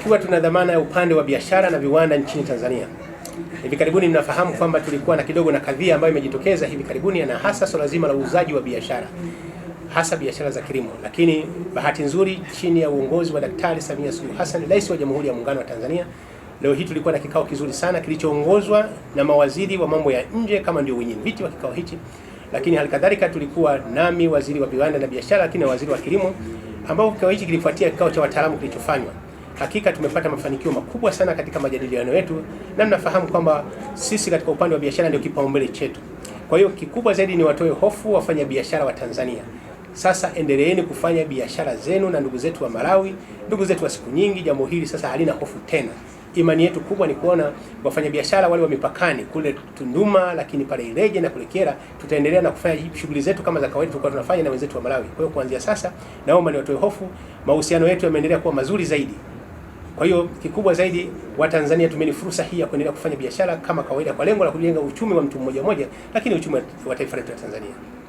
Ikiwa tuna dhamana ya upande wa biashara na viwanda nchini Tanzania, hivi karibuni mnafahamu kwamba tulikuwa na kidogo na kadhia ambayo imejitokeza hivi karibuni, na hasa swala zima la uuzaji wa biashara, hasa biashara za kilimo. Lakini bahati nzuri, chini ya uongozi wa Daktari Samia Suluhu Hassan, Rais wa Jamhuri ya Muungano wa Tanzania, leo hii tulikuwa na kikao kizuri sana kilichoongozwa na mawaziri wa mambo ya nje kama ndio wenye viti wa kikao hichi, lakini halikadhalika tulikuwa nami waziri wa viwanda na biashara, lakini na waziri wa kilimo, ambao kikao hichi kilifuatia kikao cha wataalamu kilichofanywa Hakika tumepata mafanikio makubwa sana katika majadiliano yetu, na mnafahamu kwamba sisi katika upande wa biashara ndio kipaumbele chetu. Kwa hiyo kikubwa zaidi ni watoe hofu wafanya biashara wa Tanzania. Sasa endeleeni kufanya biashara zenu na ndugu zetu wa Malawi, ndugu zetu wa siku nyingi. Jambo hili sasa halina hofu tena. Imani yetu kubwa ni kuona wafanyabiashara wale wa mipakani kule Tunduma, lakini pale Ileje na kule Kera, tutaendelea na kufanya shughuli zetu kama za kawaida tulikuwa tunafanya na wenzetu wa Malawi. Kwa hiyo kuanzia sasa, naomba niwatoe hofu. Mahusiano yetu yameendelea kuwa mazuri zaidi. Kwa hiyo kikubwa zaidi, Watanzania tumeni fursa hii ya kuendelea kufanya biashara kama kawaida kwa lengo la kujenga uchumi wa mtu mmoja mmoja, lakini uchumi wa taifa letu la Tanzania.